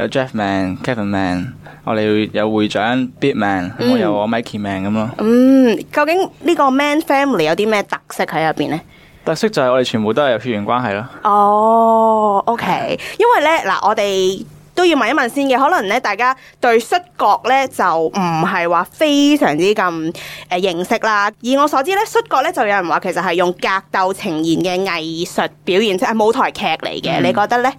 有 Jeff Man、Kevin Man，我哋有會長 Big Man，咁、嗯、有我 Mikey Man 咁咯。嗯，究竟呢個 Man Family 有啲咩特色喺入邊咧？特色就係我哋全部都係有血緣關係啦、哦。哦，OK，因為咧嗱，我哋都要問一問先嘅，可能咧大家對摔角咧就唔係話非常之咁誒、呃、認識啦。以我所知咧，摔角咧就有人話其實係用格鬥呈現嘅藝術表現，即係舞台劇嚟嘅。嗯，你覺得咧？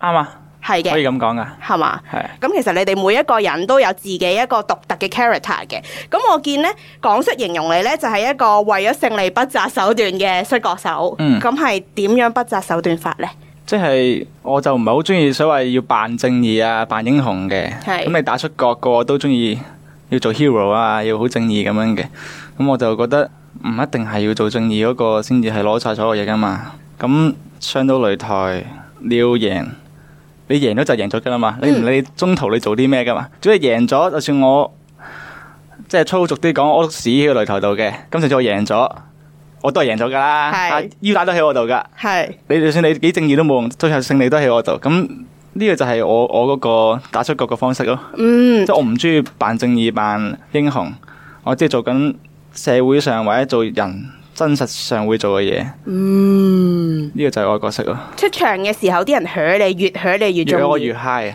啱啊。可以咁講噶，係嘛吧？係的。咁其實你哋每一個人都有自己一個獨特嘅 character 嘅。咁我見呢港摔形容你呢，就係、是、一個為咗勝利不擇手段嘅摔角手。嗯。咁係點樣不擇手段法呢？即係我就唔係好中意所謂要扮正義啊，扮英雄嘅。係的。咁你打出角個個都中意要做 hero 啊，要好正義咁樣嘅。咁我就覺得唔一定係要做正義嗰個先至係攞晒所有嘢噶嘛。咁上到擂台，你要贏。你贏咗就贏咗噶啦嘛，你唔理你中途你做啲咩噶嘛？總之贏咗，就算我即係粗俗啲講屙屎喺擂台度嘅，就算我贏咗，我都係贏咗噶啦。係是，腰帶、啊呃、都喺我度噶。係是，你就算你幾正義都冇用，最後勝利都喺我度。咁呢、這個就係我我嗰個打出局嘅方式咯。嗯，即係我唔中意扮正義扮英雄，我即係做緊社會上或者做人，真實上會做嘅嘢，嗯，呢個就係外國式咯。出場嘅時候，啲人噓你，越噓你越中意。我越 high，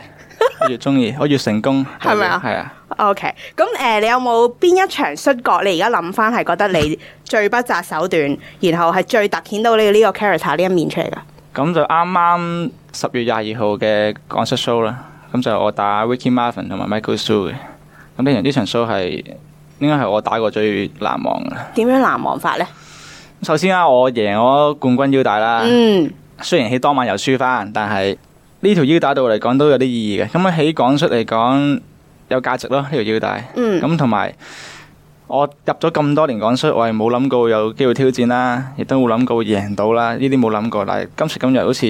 我 越中意，我越成功，係咪啊？係啊對。OK，咁誒、呃，你有冇邊一場摔角，你而家諗翻係覺得你最不擇手段，然後係最突顯到你呢個 character 呢一面出嚟噶？咁就啱啱十月廿二號嘅港式 show 啦。咁就我打 Wicky Marvin 同埋 Michael Stewart。咁呢場呢場 show 係應該係我打過最難忘嘅。點樣難忘法呢？首先啊，我贏我冠軍腰帶啦。嗯，雖然喺當晚又輸翻，但係呢條腰帶對我嚟講都有啲意義嘅。咁啊，喺講出嚟講有價值咯，呢條腰帶。嗯，嗯，咁同埋。我入咗咁多年港摔，我係冇諗過有機會挑戰啦，亦都冇諗過會贏到啦，呢啲冇諗過。但係今時今日好似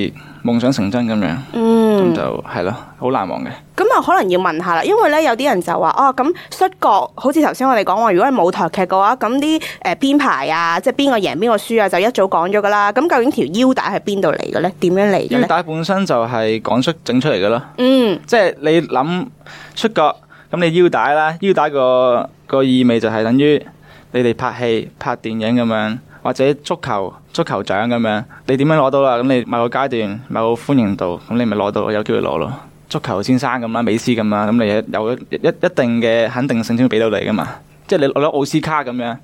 夢想成真咁樣，嗯，咁就係咯，好難忘嘅。咁啊，可能要問下啦，因為咧有啲人就話，哦，咁摔角好似頭先我哋講話，如果係舞台劇嘅話，咁啲誒編排啊，即係邊個贏邊個輸啊，就一早講咗噶啦。咁究竟條腰帶係邊度嚟嘅咧？點樣嚟嘅咧？腰帶本身就係港摔整出嚟嘅咯，嗯，即係你諗摔角，咁你腰帶啦，腰帶個。個意味就係等於你哋拍戲、拍電影咁樣，或者足球、足球獎咁樣，你點樣攞到啦？咁你某個階段、某個歡迎度，咁你咪攞到，有機會攞咯。足球先生咁啦，美斯咁啦，咁你有一一,一,一定嘅肯定性先會俾到你噶嘛？即係你攞奧斯卡咁樣，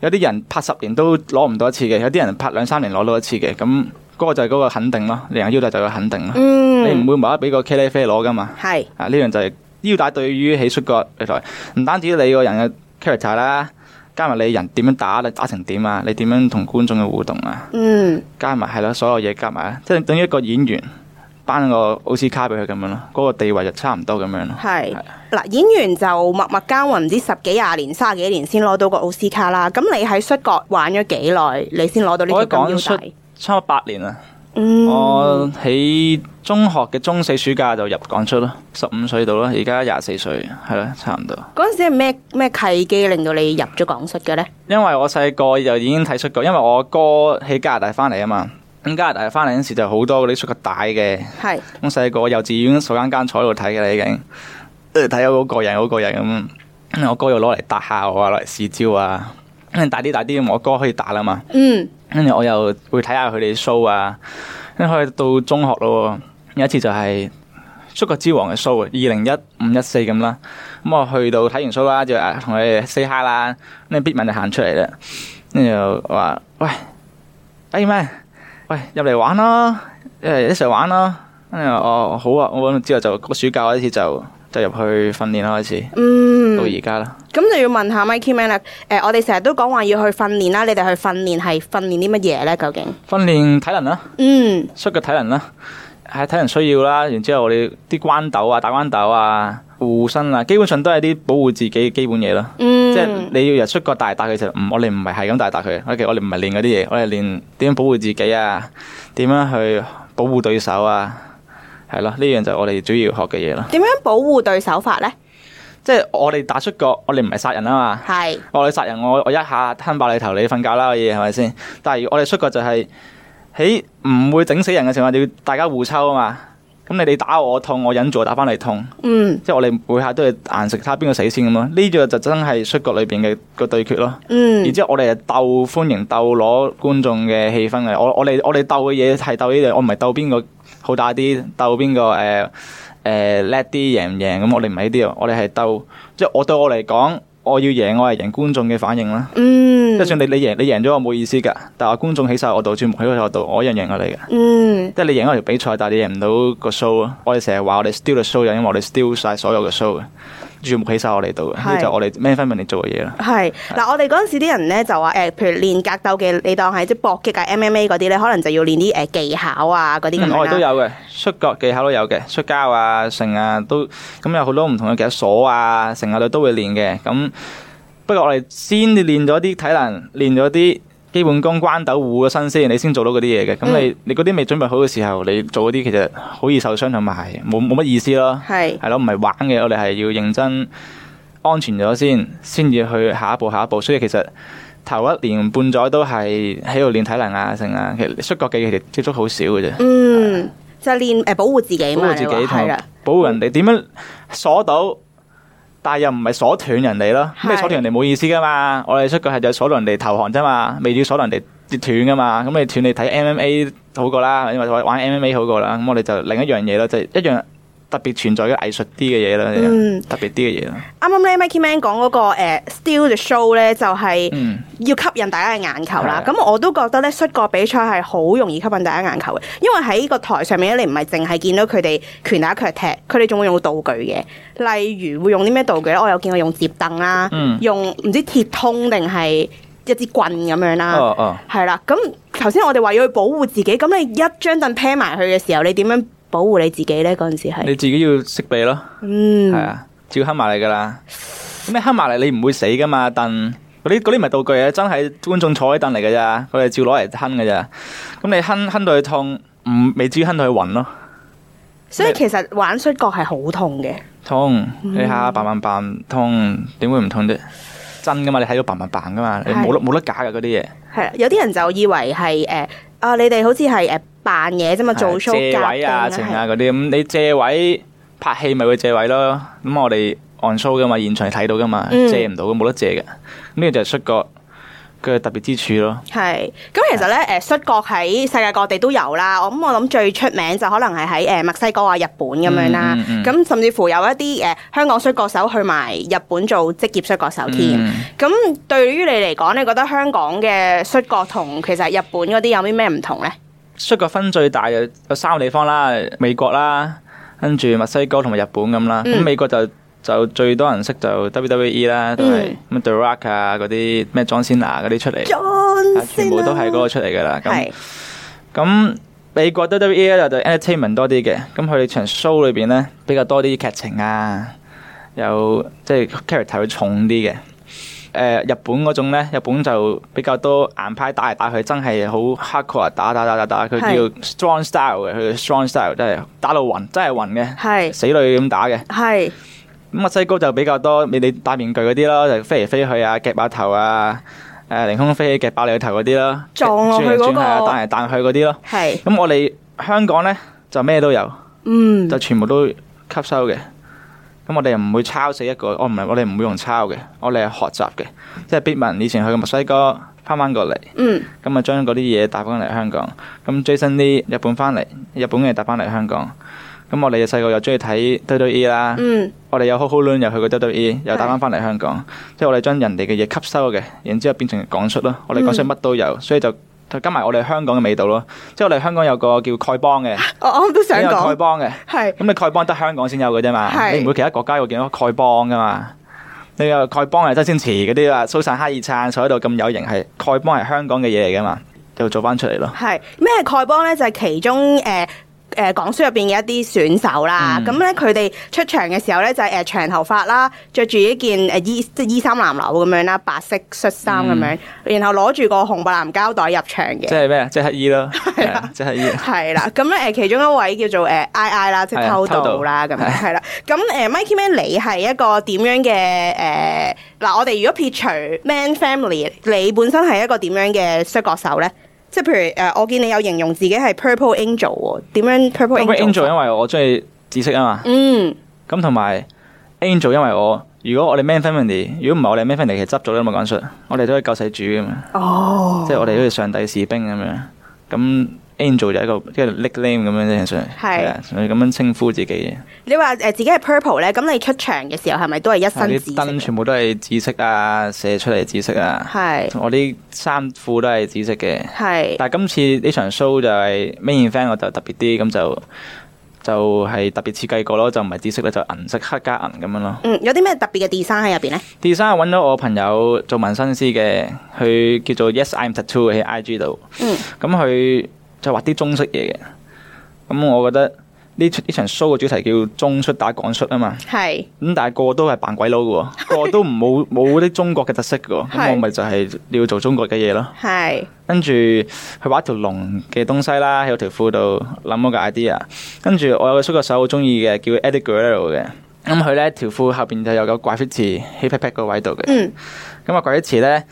有啲人拍十年都攞唔到一次嘅，有啲人拍兩三年攞到一次嘅，咁、那、嗰個就係嗰個肯定咯。你有腰帶就係肯定咯，嗯、你唔會冇得俾個茄喱啡攞噶嘛？係是啊，呢樣就係、是。腰帶對於喺摔角嚟台，唔單止你個人嘅 character 啦，加埋你人點樣打，你打成點啊，你點樣同觀眾嘅互動啊，嗯，加埋係咯，所有嘢加埋，即係等於一個演員頒個奧斯卡俾佢咁樣咯，嗰、那個地位就差唔多咁樣咯。係是，嗱是，演員就默默耕耘唔知十幾廿年，卅幾年先攞到個奧斯卡啦。咁你喺摔角玩咗幾耐，你先攞到呢個腰帶？我差唔多八年啊。嗯、我喺中學嘅中四暑假就入港摔咯，十五歲度啦，而家廿四歲，係咯，差唔多。嗰陣時係咩咩契機令到你入咗港摔嘅咧？因為我細個就已經睇摔過，因為我哥喺加拿大翻嚟啊嘛，咁加拿大翻嚟嗰陣時就好多嗰啲摔角帶嘅，係咁細個幼稚園坐間間坐喺度睇嘅啦已經，睇咗好個人好個人咁、嗯，我哥又攞嚟打下我啊，攞嚟試招啊，嗯、大啲大啲，我哥可以打啦嘛。嗯。跟住我又會睇下佢哋 show 啊，跟住到中學咯，有、hey 一，oh，啊、一次就係《摔角之王》嘅 show，啊，二零一五一四咁啦。咁我去到睇完 show 啦，就同佢 say hi 啦，咁啊 B 文就行出嚟啦，跟住就話：喂，哎咩？喂，入嚟玩咯，一齊玩咯。跟住哦好啊，我之後就個暑假嗰次就。就入去訓練啦，開始，到而家啦。咁、嗯嗯嗯、就要問下 Mikey Man 啦。誒、呃，我哋成日都講話要去訓練啦，你哋去訓練係訓練啲乜嘢咧？究竟訓練體能啦、啊，嗯，摔角體能啦、啊，係體能需要啦、啊。然之後我哋啲關斗啊，打關斗啊，護身啊，基本上都係啲保護自己嘅基本嘢咯、啊。即係、嗯、你要日出個大打嘅時候，唔、嗯，我哋唔係係咁大打佢嘅。我哋我哋唔係練嗰啲嘢，我哋練點樣保護自己啊？點樣去保護對手啊？係咯，呢樣就係我哋主要學嘅嘢啦。點樣保護對手法呢？即係我哋打摔角，我哋唔係殺人啊嘛。係是我哋殺人，我我一下吞爆你頭，你瞓覺啦嘅嘢，係咪先？但係我哋摔角就係喺唔會整死人嘅情況下，要大家互抽啊嘛。咁你哋打我，我痛，我忍住打翻嚟痛。嗯，即係我哋每下都係硬食睇邊個死先咁咯。呢、呢個就真係摔角裏邊嘅、嗰個對決咯。嗯，然之後我哋係鬥歡迎鬥攞觀眾嘅氣氛嘅。我我哋我哋鬥嘅嘢係鬥呢樣，我唔係鬥邊個。鬥大啲鬥邊個，誒、誒叻啲贏唔贏？咁我哋唔係呢啲，我哋係鬥即係我對，我嚟講我要贏，我係贏觀眾嘅反應啦，嗯，就算你贏你贏你贏咗我冇意思噶，但係觀眾起晒我度，專門起晒我度我一樣贏我哋嘅，嗯，即係你贏嗰條比賽，但係你贏唔到個 show 啊，我哋成日話我哋丟個 show 就因為我哋丟晒所有嘅 show 全部起晒我哋度，呢就我哋 manage 埋嚟做嘅嘢啦。係嗱，我哋嗰陣時啲人咧就話，誒，譬如練格鬥嘅，你當係即搏擊啊、MMA 嗰啲咧，可能就要練啲誒技巧啊嗰啲咁啦。我哋都有嘅，出腳技巧都有嘅，出跤啊、剩啊都，咁有好多唔同嘅技巧、鎖啊，成日都都會練嘅。咁不過我哋先練咗啲體能，練咗啲。基本功關斗護嘅身先，你先做到嗰啲嘢嘅。咁你你嗰啲未準備好嘅時候，你做嗰啲其實好易受傷同埋冇冇乜意思咯。係係咯，唔係玩嘅，我哋係要認真，安全咗先，先至去下一步下一步。所以其實頭一年半載都係喺度練體能啊，成啊，其實摔角嘅其實接觸好少嘅啫。嗯，的就係練誒保護自己嘛，係保護說人哋點、嗯、樣鎖到。但係又唔係鎖斷人哋咯，咁你鎖斷人哋冇意思噶嘛，我哋出腳係就鎖人哋投降啫嘛，未要鎖到人哋跌斷噶嘛，咁你斷你睇 MMA 好過啦，或者玩 MMA 好過啦，咁我哋就另一樣嘢咯，就係一樣。特別存在嘅藝術啲嘅嘢啦，嗯、特別啲嘅嘢啦。啱啱咧，Mikey Man 講嗰、那個、uh, Still the Show 咧，就係、是、要吸引大家嘅眼球啦。咁、嗯、我都覺得咧，摔角比賽係好容易吸引大家眼球嘅，因為喺個台上面咧，你唔係淨係見到佢哋拳打腳踢，佢哋仲會用道具嘅，例如會用啲咩道具咧？我有見過用折凳啦，嗯、用唔知鐵通定係一支棍咁樣啦、啊哦。哦係啦。咁頭先我哋話要去保護自己，咁你一張凳劈埋去嘅時候，你點樣？保護你自己咧，嗰陣時係你自己要識避咯，係、嗯、啊，照坑埋嚟噶啦。咁你坑埋嚟？你唔會死噶嘛？凳嗰啲唔係道具啊！真係觀眾坐喺凳嚟噶咋，佢哋照攞嚟坑噶咋。咁你坑坑到佢痛，唔未至於坑到佢暈咯。所以其實玩摔角係好痛嘅，痛你下下嘭嘭嘭痛，點會唔痛啫？真噶嘛？你喺度嘭嘭嘭噶嘛？的你冇得冇得假噶嗰啲嘢。係啊，有啲人就以為係誒。啊啊啊！你哋好似係誒扮嘢啫嘛，做 show 架。借位啊，是啊情啊嗰啲咁，你借位拍戲咪會借位咯。咁我哋按 show 嘅嘛，現場睇到嘅嘛，借唔到嘅，冇得借嘅。呢個就係摔角。佢嘅特別之處咯，係咁其實咧，誒摔角喺世界各地都有啦。我諗我諗最出名就可能係喺誒墨西哥啊、日本咁樣啦。咁、嗯嗯嗯、甚至乎有一啲誒、啊、香港摔角手去埋日本做職業摔角手添、嗯嗯。咁對於你嚟講，你覺得香港嘅摔角同其實日本嗰啲有啲咩唔同咧？摔角分最大嘅有三個地方啦，美國啦，跟住墨西哥同埋日本咁啦。咁、嗯、美國就。就最多人識就 WWE 啦，都係咁 The Rock 啊，嗰啲咩 John Cena 嗰啲出嚟，全部都係嗰個出嚟噶啦。咁咁美國 WWE 咧，就就 Entertainment 多啲嘅，咁佢哋場 show 裏邊咧，比較多啲劇情啊，有即係 character 會重啲嘅。誒，日本嗰種咧，日本就比較多硬派打嚟打去，真係好 hardcore 啊，打打打打打，佢叫 Strong Style 嘅，佢 Strong Style 真係打到暈，真係暈嘅，死女咁打嘅。咁墨西哥就比較多你你戴面具嗰啲咯，就飛嚟飛去啊，夾把頭啊，誒、呃，凌空飛起夾把你個頭嗰啲咯，那個，轉嚟轉去啊，彈嚟彈去嗰啲咯。係是。咁我哋香港呢，就咩都有，嗯，就全部都吸收嘅。咁我哋又唔會抄死一個，我唔係，我哋唔會用抄嘅，我哋係學習嘅，即係逼問以前去嘅墨西哥翻翻過嚟，嗯，咁啊將嗰啲嘢帶翻嚟香港，咁追新啲日本翻嚟，日本嘅帶翻嚟香港。咁我哋嘅細個又中意睇 WWE 啦，嗯、我哋又好好卵又去過 WWE，又打返翻嚟香港，是即係我哋將人哋嘅嘢吸收嘅，然之後變成講出咯。我哋講出乜都有，嗯、所以就加埋我哋香港嘅味道咯。即係我哋香港有個叫丐幫嘅，啊，我我都想講丐幫嘅，係咁你丐幫得香港先有嘅啫嘛，是你唔會其他國家會見到丐幫噶嘛。你個丐幫係周星馳嗰啲啊，蘇察哈爾燦坐喺度咁有型，係丐幫係香港嘅嘢嚟噶嘛，就做翻出嚟咯。係咩係丐幫咧？就係，是、其中誒。呃呃呃誒港摔入邊嘅一啲選手啦，咁咧佢哋出場嘅時候咧就係、是、誒、呃、長頭髮啦，着住一件誒衣、呃、即係衣衫襤褸咁樣啦，白色恤衫咁樣，然後攞住個紅白藍膠袋入場嘅。即係咩？即係乞衣咯，係啊 的，即係乞衣。係啦， 咁咧誒其中一位叫做誒 II 啦，即、呃、係偷渡啦咁樣，係啦的。咁誒 Mikey Man，你係一個點樣嘅誒？嗱、呃，我哋如果撇除 Man Family，你本身係一個點樣嘅摔角手咧？即係譬如誒，我見你有形容自己係 purple angel，點樣 purple angel?、嗯、angel？因為我中意紫色啊嘛。嗯。咁同埋 angel，因為我如果我哋 man family，如果唔係我哋 man family，其實執咗都冇講出，我哋都係救世主啊嘛。哦。即係我哋都係上帝士兵咁樣咁。Angel 就係一個即係 nick name 咁樣啫，算係係啊，咁樣稱呼自己嘅。你話誒自己係 purple 咧，咁你出場嘅時候係咪都係一身紫？燈全部都係紫色啊，射出嚟紫色啊。係，我啲衫褲都係紫色嘅。係，但係今次呢場 show 就係 main fan，我就特別啲，咁就就係特別設計過咯，就唔係紫色咧，就銀色黑加銀咁樣咯。嗯，有啲咩特別嘅 design 喺入邊咧？design 揾咗我朋友做紋身師嘅，佢叫做 Yes I'm Tattoo 喺 IG 度。嗯，咁佢。就畫啲中式嘢嘅，咁、嗯、我覺得呢呢場 show 嘅主題叫中出打港出啊嘛，係是，咁、嗯、但係個個都係扮鬼佬嘅喎， 個個都冇冇啲中國嘅特色嘅喎，咁我咪就係要做中國嘅嘢咯，係，跟住去畫一條龍嘅東西啦，喺條褲度諗個 idea，跟住我有個出個手好中意嘅叫 Eddie Guerrero 嘅，咁佢咧條褲後邊就有個怪飛詞 Hip Hop 個位度嘅，嗯，咁啊怪飛詞咧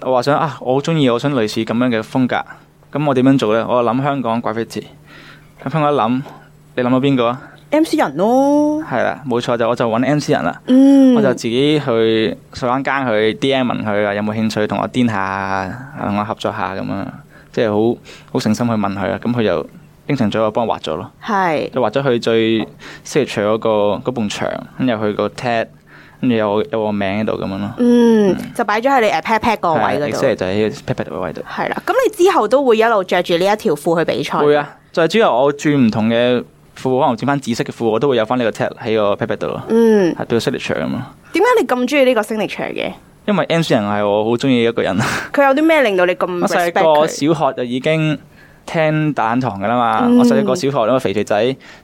我話想啊，我好中意，我想類似咁樣嘅風格。咁我點樣做呢？我諗香港鬼飛字，咁香港一諗，你諗到邊個啊？MC 仁咯，哦，係啦，冇錯就我就揾 MC 仁啦，嗯、我就自己去上間間去 D M 問佢啊，有冇興趣同我癲下，同我合作下咁樣，即係好好誠心去問佢啊，咁佢就應承咗我，幫我畫咗咯，係是，就畫咗佢最 central 嗰個嗰埲牆，跟住佢個 tag。跟住有有個名喺度咁樣咯，嗯，嗯就擺咗喺你誒 pad pad 個位嗰度，就喺 pad pad 個位度。係啦，咁你之後都會一路着住呢一條褲去比賽。會啊，就係主要我轉唔同嘅褲，可能轉翻紫色嘅褲，我都會有翻呢個 tag 喺個 pad pad 度咯。嗯，係對 signature 啊嘛。點解你咁中意呢個 signature 嘅？因為 MC 仁係我好中意一個人。佢 有啲咩令到你咁？我細個小學就已經聽大懶堂嘅啦嘛。嗯、我細個小學嗰個肥肥仔，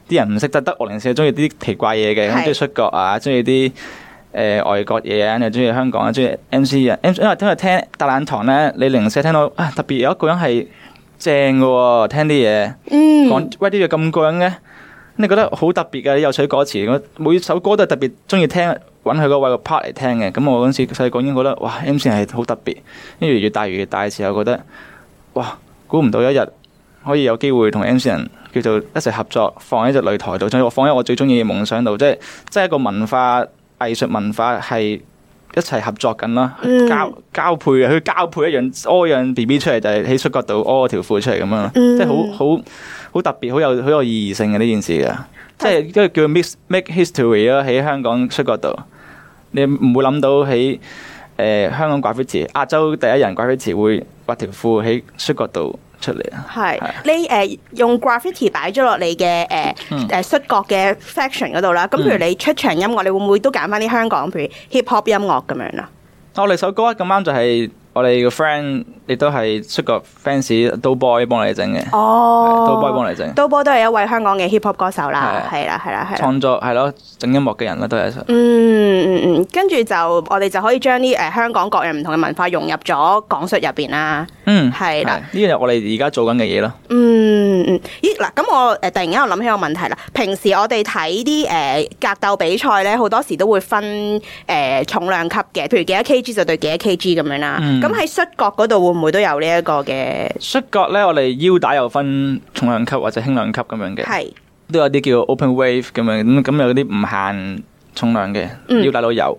啲人唔識得，得我零舍中意啲奇怪嘢嘅，咁中意出國啊，中意啲。誒、呃，外國嘢啊，你中意香港啊，中意 M C 仁。因為聽日聽大懶堂咧，你零舍聽到啊，特別有一個人係正嘅，哦，聽啲嘢，講，嗯、喂啲嘢咁過癮嘅，你覺得好特別嘅，啊。你又取歌詞，每一首歌都特別中意聽，揾佢個位個 part 嚟聽嘅。咁我嗰時細個已經覺得，哇，M C 仁係好特別。跟住越大越，越大嘅時候，我覺得哇，估唔到一日可以有機會同 M C 仁叫做一齊合作，放喺隻擂台度，仲要放喺我最中意嘅夢想度，即係即係一個文化。藝術文化係一齊合作緊啦，交交配啊，佢交配一樣屙樣 B B 出嚟就係喺摔角度屙條褲出嚟咁啊，即係好好好特別，好有好有意義性嘅呢件事啊，即係都係叫做 mix, make history 啦，喺香港摔角度，你唔會諗到喺誒、呃、香港拐飛詞，亞洲第一人拐飛詞會挖條褲喺摔角度。出嚟啊！係是是你誒、呃、用 graffiti 擺咗落你嘅誒誒摔角嘅 fashion 嗰度啦。咁譬如你出場音樂，你會唔會都揀翻啲香港譬如 hip hop 音樂咁樣啊？我哋、哦、首歌啊、就是，咁啱就係。我哋個 friend 亦都係出個 fans Dough-Boy 幫你整嘅，刀、哦、boy 幫你整。Dough-Boy 都係一位香港嘅 hip hop 歌手啦，係啦的，係啦，係。創作係咯，整音樂嘅人啦，都係一、嗯。嗯嗯嗯，跟住就我哋就可以將啲誒香港各樣唔同嘅文化融入咗講述入邊啦。嗯，係啦，呢樣我哋而家做緊嘅嘢咯。嗯嗯，咦嗱？咁我誒突然間我諗起個問題啦。平時我哋睇啲誒格鬥比賽咧，好多時都會分誒、呃、重量級嘅，譬如幾多 kg 就對幾多 kg 咁樣啦。嗯咁喺摔角嗰度會唔會都有呢一個嘅？摔角咧，我哋腰帶又分重量級或者輕量級咁樣嘅，係都有啲叫 open wave 咁樣、嗯、樣，咁咁有啲唔限重量嘅腰帶都有。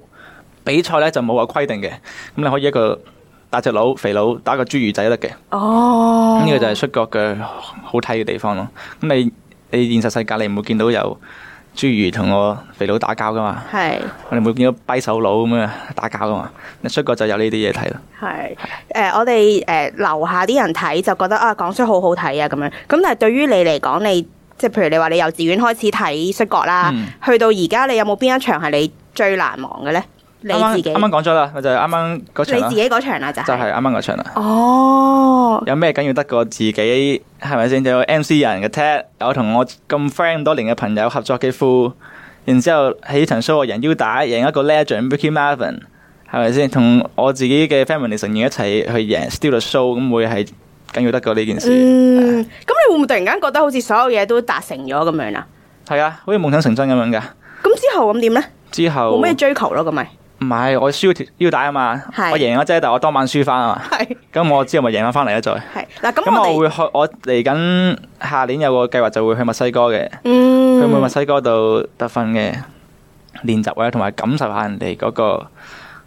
比賽咧就冇話規定嘅，咁你可以一個大隻佬，肥佬，打個豬魚仔得嘅。哦，呢個就係摔角嘅好睇嘅地方咯。咁你你現實世界你唔會見到有。諸如同我肥佬打交噶嘛，是 嘛，是是呃、我哋會見到跛手佬咁樣打交噶嘛。你《摔角》就有呢啲嘢睇咯。係誒，我哋誒樓下啲人睇就覺得啊，講出好好睇啊咁樣。咁但係對於你嚟講，你即係譬如你話你幼稚園開始睇《摔角》啦，嗯、去到而家你有冇邊一場係你最難忘嘅咧？啱啱啱啱講咗啦，就係啱啱嗰場你自己嗰、就是、場啦就是、就係啱啱嗰場啦。哦，oh, 有咩緊要得過自己係咪先？有 M C 人嘅 tag，有同我咁 friend 多年嘅朋友合作嘅 full，然之後喺場 show 人腰帶贏一個 legend Ricky Marvin，係咪先？同我自己嘅 family 成員一齊去贏 Studio Show，咁會係緊要得過呢件事？嗯，咁唉你會唔會突然間覺得好似所有嘢都達成咗咁樣啊？係、嗯、啊，好似夢想成真咁樣嘅。咁之後咁點咧？之後冇咩追求咯，咁咪。唔係，我輸條腰帶啊嘛，是我贏咗啫，但我當晚輸翻啊嘛。咁是我之後咪贏翻翻嚟一再。咁我，我會去，我嚟緊下，下年有個計劃，就會去墨西哥嘅，嗯、去去墨西哥度得分嘅練習位，同埋感受下人哋嗰個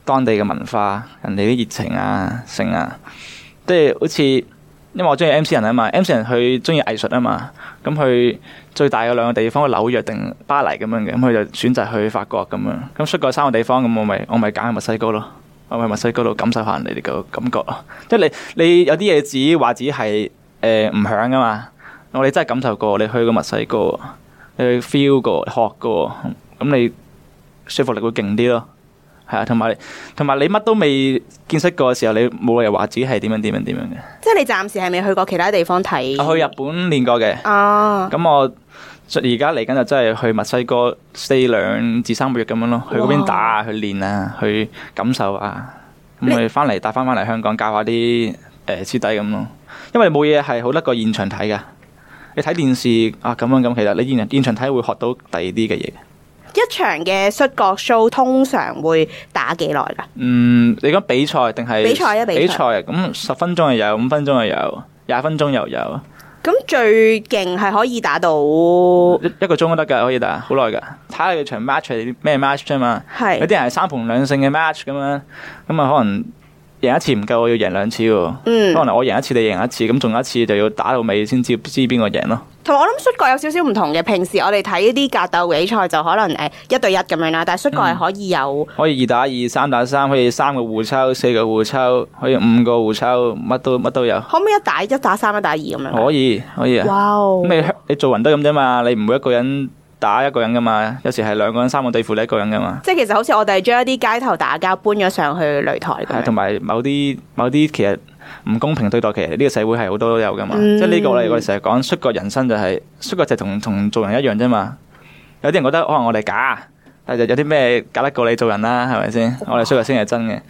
當地嘅文化，人哋啲熱情啊、性啊，即係好似，因為我中意 MC 人啊嘛，MC 人佢中意藝術啊嘛，咁佢。最大嘅兩個地方紐約定巴黎咁樣嘅，咁佢就選擇去法國咁樣，咁出過三個地方，咁我咪我咪揀去墨西哥咯，我咪墨西哥度感受下你哋個感覺，即係你你有啲嘢只話只係誒唔響噶嘛，我哋真係感受過，你去過墨西哥，你去 feel 過學過，咁你説服力會勁啲咯。係啊，同埋同埋你乜都未見識過嘅時候，你冇理由話自己係點樣點樣點樣嘅。即係你暫時係未去過其他地方睇。去日本練過嘅。哦、啊。咁我而家嚟緊就真係去墨西哥四兩至三個月咁樣咯，哇去嗰邊打啊，去練啊，去感受啊。咁我翻嚟帶翻翻嚟香港教下啲誒師弟咁咯。因為冇嘢係好得過現場睇嘅。你睇電視啊，咁樣咁，其實你現現場睇會學到第二啲嘅嘢。一場嘅摔角 show 通常會打幾耐㗎？嗯，你講比賽定係比賽？啊，比賽。咁十分鐘又有，五分鐘又有，廿分鐘又有。咁最勁係可以打到一，一個鐘都得㗎，可以打好耐㗎。睇下你場 match 係啲咩 match 啫嘛。係是有啲人係三盤兩勝嘅 match 咁樣，咁啊可能贏一次唔夠，我要贏兩次喎。嗯，可能我贏一次你贏一次，咁仲有一次就要打到尾先知知邊個贏咯。我同我諗摔角有少少唔同嘅，平時我哋睇呢啲格鬥比賽就可能誒一對一咁樣啦，但係摔角係可以有、嗯、可以二打二、三打三，可以三個互抽、四個互抽，可以五個互抽，乜都乜都有。可唔可以一打一打三、一打二咁樣？可以可以啊！哇 Wow，你你做人都咁啫嘛，你唔會一個人打一個人噶嘛？有時係兩個人、三個對付你一個人噶嘛？嗯、即係其實好似我哋將一啲街頭打交搬咗上去擂台咁，同埋某啲某啲其實。唔公平對待，其實呢個社會係好多都有噶嘛。嗯、即係呢個我，例如我哋成日講摔角人生就係、是、摔角，就同同做人一樣啫嘛。有啲人覺得可能我哋假，但就有啲咩假得過你做人啦，啊，係咪先？我哋摔角先係真嘅，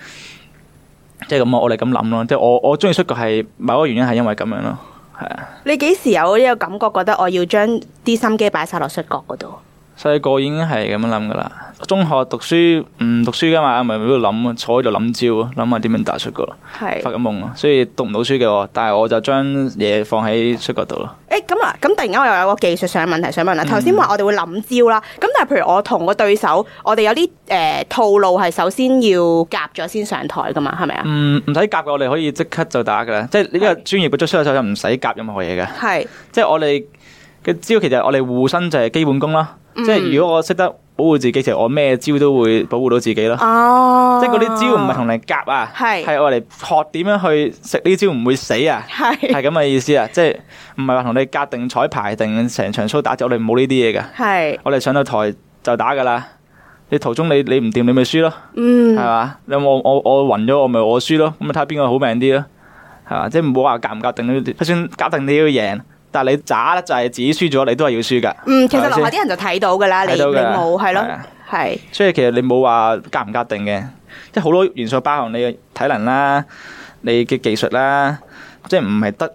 即係咁我哋咁諗咯。即係我我中意摔角係某個原因係因為咁樣咯，係啊。你幾時有呢個感覺？覺得我要將啲心機擺晒落摔角嗰度？細個已經係咁樣諗噶啦，中學讀書唔讀書噶嘛，咪喺度諗啊，坐喺度諗招啊，諗下點樣打出噶，發緊夢啊，所以讀唔到書嘅我，但係我就將嘢放喺摔角度咯。誒，咁啊，咁突然間我又有個技術上嘅問題想問啦。頭先話我哋會諗招啦，咁但係譬如我同個對手，我哋有啲誒套路係首先要夾咗先上台噶嘛，係咪啊？嗯，唔使夾嘅，我哋可以即刻就打嘅，即係呢個專業嘅摔角手就唔使夾任何嘢嘅。係，即係我哋嘅招，其實我哋護身就係基本功啦。即係如果我識得保護自己，其實我咩招都會保護到自己咯。哦，即係嗰啲招唔係同你夾啊，係係我哋學點樣去食呢招唔會死啊，係係咁嘅意思啊。即係唔係話同你夾定綵排定成場操打，我哋冇呢啲嘢噶。係是我哋上到台就打噶啦。你途中你你唔掂你咪輸咯，係嘛、嗯？你冇我我暈咗我咪我輸咯。咁睇下邊個好命啲咯，係嘛？即係唔好話夾唔夾定，就算夾定你要贏。但你渣得就係、是、自己輸咗，你都係要輸噶。嗯，其實樓下啲人就睇到㗎啦，你冇係咯，係。所以其實你冇話夾唔夾定嘅，即係好多元素包含你嘅體能啦、你嘅技術啦，即係唔係得，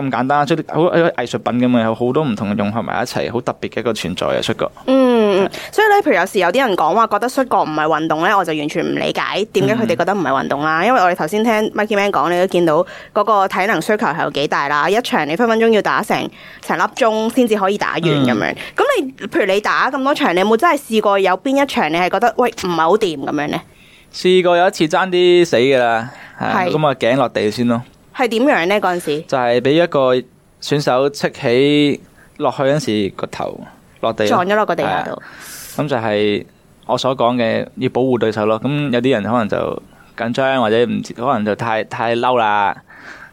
咁簡單，即啲好有藝術品咁啊！有好多唔同嘅融合埋一齊，好特別嘅一個存在啊！摔角。嗯，是所以咧，譬如有時有啲人講話覺得摔角唔係運動咧，我就完全唔理解點解佢哋覺得唔係運動啦。嗯、因為我哋頭先聽 Mikey Man 講，你都見到嗰個體能需求係有幾大啦。一場你分分鐘要打成成粒鐘先至可以打完咁、嗯、樣。咁你譬如你打咁多場，你有冇真係試過有邊一場你係覺得喂唔係好掂咁樣呢？試過有一次爭啲死噶啦，咁啊是頸落地先咯。係點樣呢？嗰陣時就係俾一個選手踢起落去嗰陣時個頭落地撞咗落個地下度。咁就係我所講嘅要保護對手咯。咁有啲人可能就緊張或者唔知，可能就太太嬲啦。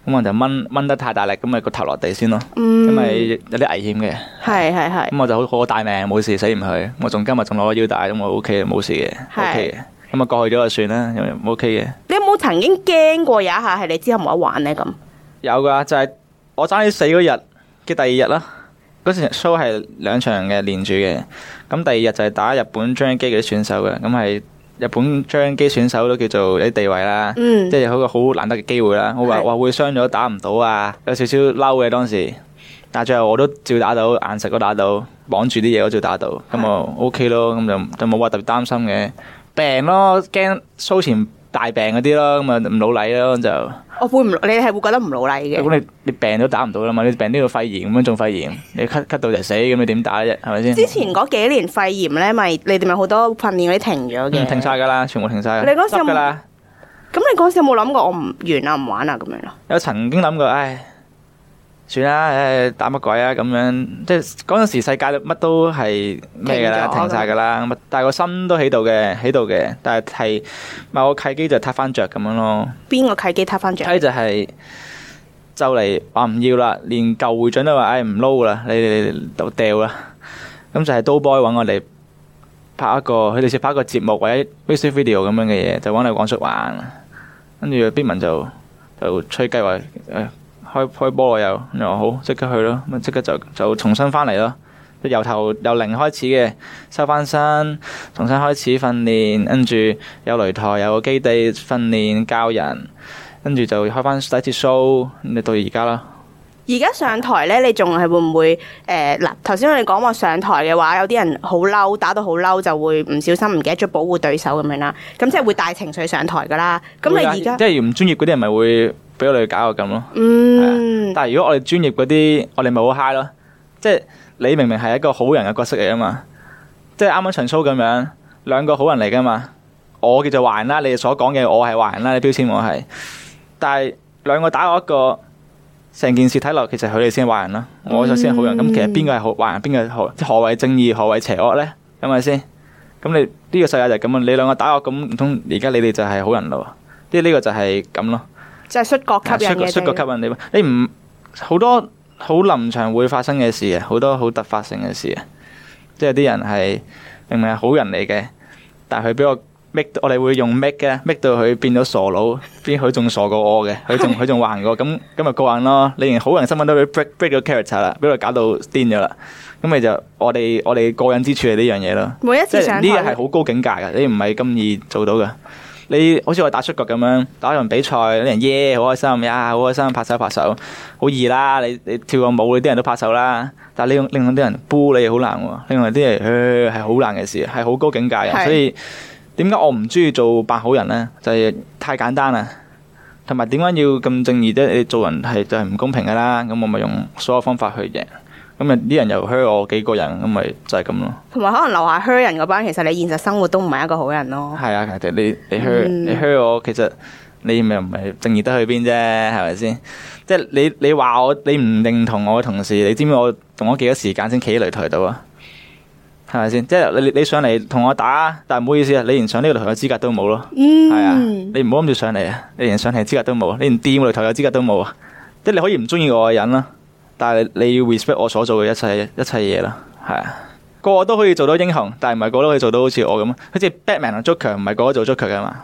咁我就掹掹得太大力，咁咪個頭落地先咯。咁咪、嗯、有啲危險嘅。係係係。咁我就好好大命，冇事，死唔去。我仲今日仲攞咗腰帶，咁我 O K，冇事嘅。O K 嘅。咁啊的過去咗就算啦，因為 O K 嘅。曾經驚過有一下係你之後冇得玩呢？咁，有噶就係、是、我差啲死嗰日嘅第二日啦，嗰時 show 係兩場嘅連住嘅，咁第二日就係打日本張機嘅啲選手嘅，咁係日本張機選手都叫做有啲地位啦，嗯、即係好個好難得嘅機會啦。我話話是會傷咗打唔到啊，有少少嬲嘅當時，但係最後我都照打到，硬食都打到，綁住啲嘢都照打到，咁啊 OK 咯，咁就就冇話特別擔心嘅病咯，驚 show 前。大病嗰啲咯，咁啊唔努力咯就。我會唔你係會覺得唔努力嘅。如果你你病都打唔到啦嘛，你病啲肺炎咁樣仲肺炎，你咳咳到就死，咁你點打啫？係咪先？之前嗰幾年肺炎咧，咪你哋咪好多訓練嗰啲停咗。嗯，停曬㗎啦，全部停曬。你嗰時有冇？咁你嗰時有冇諗過我唔完啊，唔玩啊咁樣咯。有曾經諗過，唉。算啦，誒打乜鬼啊咁樣，即係嗰陣時世界乜都係咩噶啦，停晒噶啦，但係個心都喺度嘅，喺度嘅，但係係某個契機就撻翻着咁樣咯。邊個契機撻翻著？契就係就嚟話唔要啦，連舊會長都話唉唔撈啦，你你都掉啦，咁就係都 Boy 搵我哋拍一個，佢哋似拍一個節目或者 music video 咁樣嘅嘢，就玩嚟玩出玩，跟住畢文就就吹雞話、哎開開波我又，你話好，即刻去咯，咁即刻就就重新翻嚟咯，由頭由零開始嘅，收翻身，重新開始訓練，跟住有擂台，有個基地訓練教人，跟住就開翻第一次 show，你到而家啦。而家上台呢，你仲係會唔會誒嗱？頭、呃、先我哋講話上台嘅話，有啲人好嬲，打到好嬲就會唔小心唔記得咗保護對手咁樣啦，咁即係會帶情緒上台噶啦。咁你而家、啊、即係唔專業嗰啲人咪會？俾我哋搞到咁咯，但係如果我哋專業嗰啲，我哋咪好 high 咯。即係你明明係一個好人嘅角色嚟啊嘛，即係啱啱秦蘇咁樣兩個好人嚟噶嘛。我叫做壞人啦，你所講嘅我係壞人啦，你標籤我係，但係兩個打我一個，成件事睇落其實佢哋先係壞人啦，我就先係好人。咁、嗯、其實邊個係好壞人，邊個何何謂正義，何謂邪惡咧？咁咪先咁？你呢、這個世界就咁啊？你兩個打我咁唔通而家你哋就係好人咯？即係呢個就係咁咯。就係摔角吸引嘅嘢，摔角摔角吸引你嘛？你唔好多好臨場會發生嘅事啊，好多好突發性嘅事啊，即係啲人係明明係好人嚟嘅，但係佢俾我 make，我哋會用 make 嘅，make 到佢變咗傻佬，邊佢仲傻過我嘅？佢仲佢仲壞過，咁咁咪過癮咯！你連好人身份都俾 break break 個 character 啦，俾佢搞到癲咗啦，咁咪就我哋我哋過癮之處係呢樣嘢咯。每一次上台，呢啲係好高境界噶，你唔係咁易做到噶。你好似我打出腳咁樣打一比賽，啲人耶好開心，呀好開心拍手拍手，好易啦！你你跳個舞，你啲人都拍手啦。但係用另外啲人補你好難、啊，另外啲人誒係好難嘅事，係好高境界、啊。是所以點解我唔中意做扮好人呢？就係、是、太簡單、就是、啦。同埋點解要咁正義啲？你做人係就係唔公平噶啦。咁我咪用所有方法去嘅。咁咪啲人又噓我幾個人，咁咪就係咁咯。同埋可能樓下噓人嗰班，其實你現實生活都唔係一個好人咯。係啊，你你噓、嗯、你噓我，其實你咪唔係正義得去邊啫，係咪先？即係你你話我，你唔認同我嘅同事，你知唔知我同我幾多時間先企喺擂台度啊？係咪先？即係你你上嚟同我打，但係唔好意思啊，你連上呢個擂台嘅資格都冇咯。嗯，係啊，你唔好諗住上嚟啊，你連上嚟嘅資格都冇，你連掂擂台嘅資格都冇啊！即係你可以唔中意我嘅人啦。但係你要 respect 我所做嘅一切一切嘢啦，係啊，個個都可以做到英雄，但係唔係個個都可以做到好似我咁，好似 Batman 同 Joker 唔係個，個個做 Joker 噶嘛，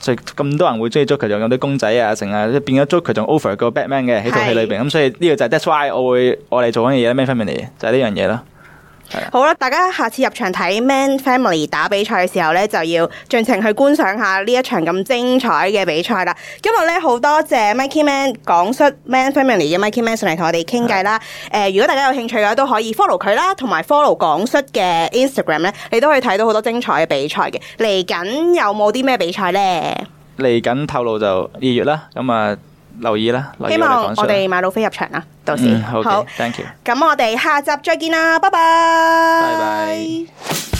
所以咁多人會中意 Joker 仲有啲公仔啊，成日變咗 Joker 仲 offer 個 Batman 嘅喺套戲裏邊，咁的所以呢個就係、是、that's why 我會我哋做緊嘢咩分別嚟嘅，man、family，就呢樣嘢啦。好啦，大家下次入場睇 Man Family 打比賽嘅時候咧，就要盡情去觀賞下呢一場咁精彩嘅比賽啦。今日咧好多謝 Mikey Man 港摔 Man Family 嘅 Mikey Man 上嚟同我哋傾偈啦。誒、呃，如果大家有興趣嘅話都可以 follow 佢啦，同埋 follow 港摔嘅 Instagram 咧，你都可以睇到好多精彩嘅比賽嘅。嚟緊有冇啲咩比賽呢？嚟緊透露就二月啦，咁啊。留意啦，留意，希望我哋買到飛入場啦，到時，嗯、okay, 好，thank you。咁我哋下集再見啦，拜拜。拜拜。